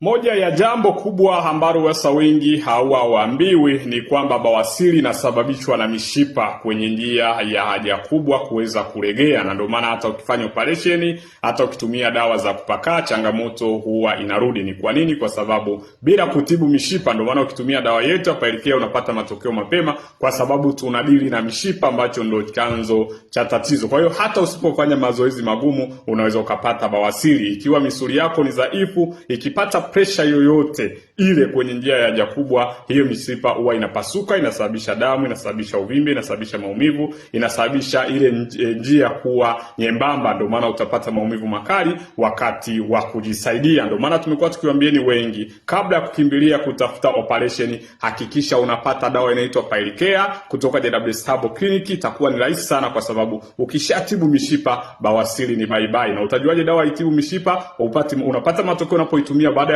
Moja ya jambo kubwa ambalo wasa wengi hawawaambiwi ni kwamba bawasiri inasababishwa na mishipa kwenye njia ya haja kubwa kuweza kuregea, na ndio maana hata ukifanya operation, hata ukitumia dawa za kupakaa, changamoto huwa inarudi. Ni kwa nini? Kwa sababu bila kutibu mishipa. Ndio maana ukitumia dawa yetu hapa Healthcare unapata matokeo mapema, kwa sababu tunadili na mishipa ambacho ndio chanzo cha tatizo. Kwa hiyo hata usipofanya mazoezi magumu, unaweza ukapata bawasiri. Ikiwa misuli yako ni dhaifu, ikipata presha yoyote ile kwenye njia ya haja kubwa, hiyo mishipa huwa inapasuka, inasababisha damu, inasababisha uvimbe, inasababisha maumivu, inasababisha ile eh, njia kuwa nyembamba. Ndio maana utapata maumivu makali wakati wa kujisaidia. Ndio maana tumekuwa tukiwaambieni wengi, kabla ya kukimbilia kutafuta operation, hakikisha unapata dawa inaitwa Pilecare kutoka JWS Herbal Clinic. Itakuwa ni rahisi sana, kwa sababu ukishatibu mishipa bawasiri ni bye bye. Na utajuaje dawa itibu mishipa? Upati, unapata matokeo unapoitumia baada ya